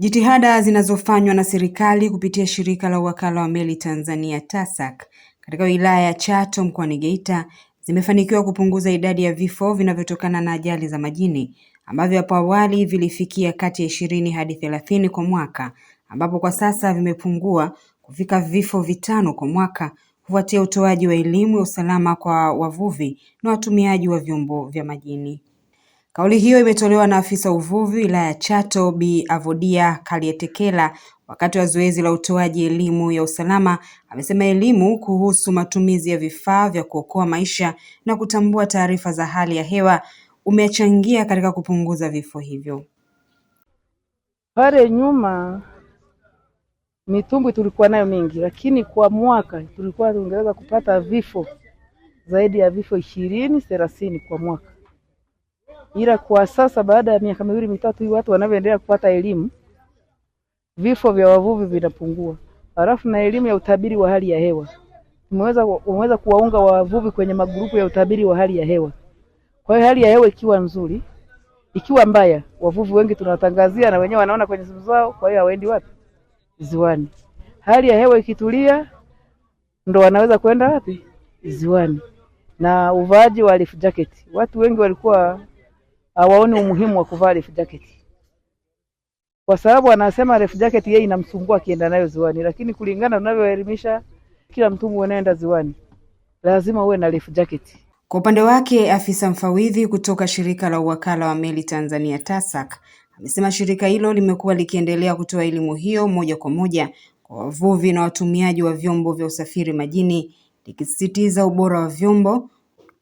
Jitihada zinazofanywa na serikali kupitia shirika la Wakala wa Meli Tanzania TASAC katika wilaya ya Chato mkoani Geita zimefanikiwa kupunguza idadi ya vifo vinavyotokana na ajali za majini ambavyo hapo awali vilifikia kati ya ishirini hadi thelathini kwa mwaka ambapo kwa sasa vimepungua kufika vifo vitano kwa mwaka kufuatia utoaji wa elimu ya usalama kwa wavuvi na watumiaji wa vyombo vya majini. Kauli hiyo imetolewa na afisa uvuvi wilaya ya Chato Bi Avodia Kalietekela wakati wa zoezi la utoaji elimu ya usalama. Amesema elimu kuhusu matumizi ya vifaa vya kuokoa maisha na kutambua taarifa za hali ya hewa umechangia katika kupunguza vifo hivyo. Pale nyuma mitumbwi tulikuwa nayo mingi, lakini kwa mwaka tulikuwa tungeweza kupata vifo zaidi ya vifo ishirini thelathini kwa mwaka ila kwa sasa baada ya miaka miwili mitatu hii watu wanavyoendelea kupata elimu, vifo vya wavuvi vinapungua, halafu na elimu ya utabiri wa hali ya hewa umeweza umeweza kuwaunga wavuvi kwenye magrupu ya utabiri wa hali ya hewa. Kwa hiyo hali ya hewa ikiwa nzuri, ikiwa mbaya, wavuvi wengi tunawatangazia na wenyewe wanaona kwenye simu zao, kwa hiyo hawaendi wapi? Ziwani. Hali ya hewa ikitulia, ndo wanaweza kwenda wapi? Ziwani. Na uvaaji wa life jacket, watu wengi walikuwa hawaoni umuhimu wa kuvaa life jacket, kwa sababu anasema life jacket yeye inamsumbua akienda nayo ziwani, lakini kulingana tunavyoelimisha kila mtu anaenda ziwani lazima uwe na life jacket. Kwa upande wake, afisa mfawidhi kutoka shirika la uwakala wa meli Tanzania TASAC amesema shirika hilo limekuwa likiendelea kutoa elimu hiyo moja kwa moja kwa wavuvi na watumiaji wa vyombo vya usafiri majini, likisisitiza ubora wa vyombo,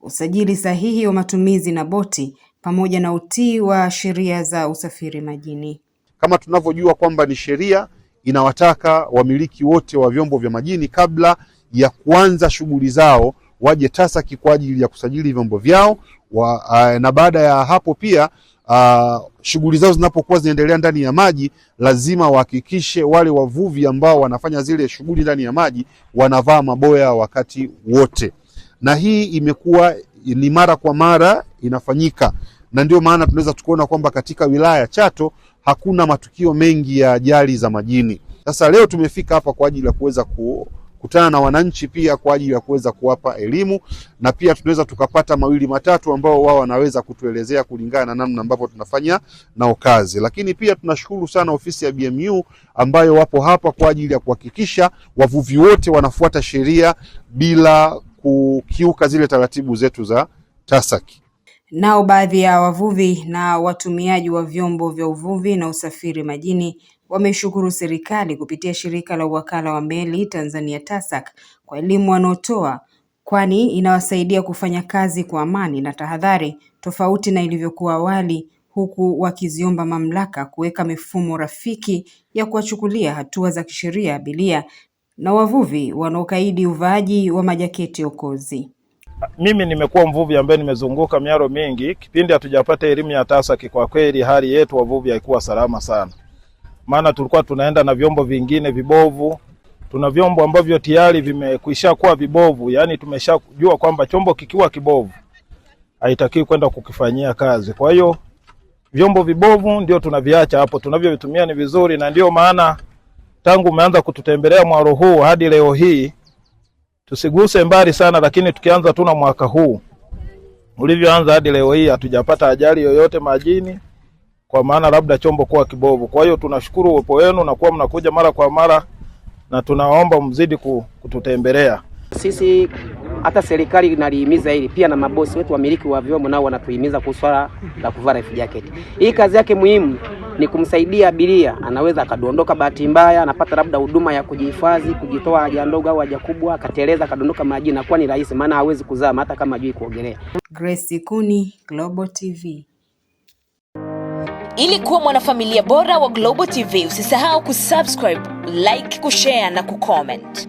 usajili sahihi wa matumizi na boti pamoja na utii wa sheria za usafiri majini. Kama tunavyojua kwamba ni sheria inawataka wamiliki wote wa vyombo vya majini kabla ya kuanza shughuli zao waje TASAKI kwa ajili ya kusajili vyombo vyao wa, a, eh, na baada ya hapo pia ah, shughuli zao zinapokuwa zinaendelea ndani ya maji lazima wahakikishe wale wavuvi ambao wanafanya zile shughuli ndani ya maji wanavaa maboya wakati wote, na hii imekuwa ni mara kwa mara inafanyika na ndio maana tunaweza tukaona kwamba katika wilaya ya Chato hakuna matukio mengi ya ajali za majini. Sasa leo tumefika hapa kwa ajili ya kuweza ku kutana na wananchi pia kwa ajili ya kuweza kuwapa elimu na pia tunaweza tukapata mawili matatu ambao wao wanaweza kutuelezea kulingana na namna ambavyo tunafanya nao kazi. Lakini pia tunashukuru sana ofisi ya BMU ambayo wapo hapa kwa ajili ya kuhakikisha wavuvi wote wanafuata sheria bila kukiuka zile taratibu zetu za TASAC. Nao baadhi ya wavuvi na watumiaji wa vyombo vya uvuvi na usafiri majini wameishukuru serikali kupitia shirika la uwakala wa Meli Tanzania TASAC kwa elimu wanaotoa kwani inawasaidia kufanya kazi kwa amani na tahadhari tofauti na ilivyokuwa awali huku wakiziomba mamlaka kuweka mifumo rafiki ya kuwachukulia hatua za kisheria abiria na wavuvi wanaokaidi uvaaji wa majaketi okozi mimi nimekuwa mvuvi ambaye nimezunguka miaro mingi. Kipindi hatujapata elimu ya TASAC, kwa kweli hali yetu wavuvi haikuwa salama sana, maana tulikuwa tunaenda na vyombo vingine vibovu. Tuna vyombo ambavyo tayari vimekwisha kuwa vibovu, yani tumeshajua kwamba chombo kikiwa kibovu haitakiwi kwenda kukifanyia kazi. Kwa hiyo vyombo vibovu ndio tunaviacha hapo, tunavyovitumia ni vizuri, na ndio maana tangu umeanza kututembelea mwaro huu hadi leo hii Tusiguse mbali sana, lakini tukianza tu na mwaka huu ulivyoanza hadi leo hii hatujapata ajali yoyote majini, kwa maana labda chombo kuwa kibovu. Kwa hiyo tunashukuru uwepo wenu na kuwa mnakuja mara kwa mara, na tunaomba mzidi kututembelea sisi hata serikali inalihimiza hili pia, na mabosi wetu wamiliki wa vyombo nao wanatuhimiza kuhusu swala la kuvaa life jacket. Hii kazi yake muhimu ni kumsaidia abiria, anaweza akadondoka, bahati mbaya anapata labda huduma ya kujihifadhi, kujitoa haja ndogo au haja kubwa, akateleza, akadondoka maji, inakuwa ni rahisi, maana hawezi kuzama hata kama ajui kuogelea. Grace Kuni, Global TV. Ili kuwa mwanafamilia bora wa Global TV, usisahau kusubscribe, like, kushare na kucomment.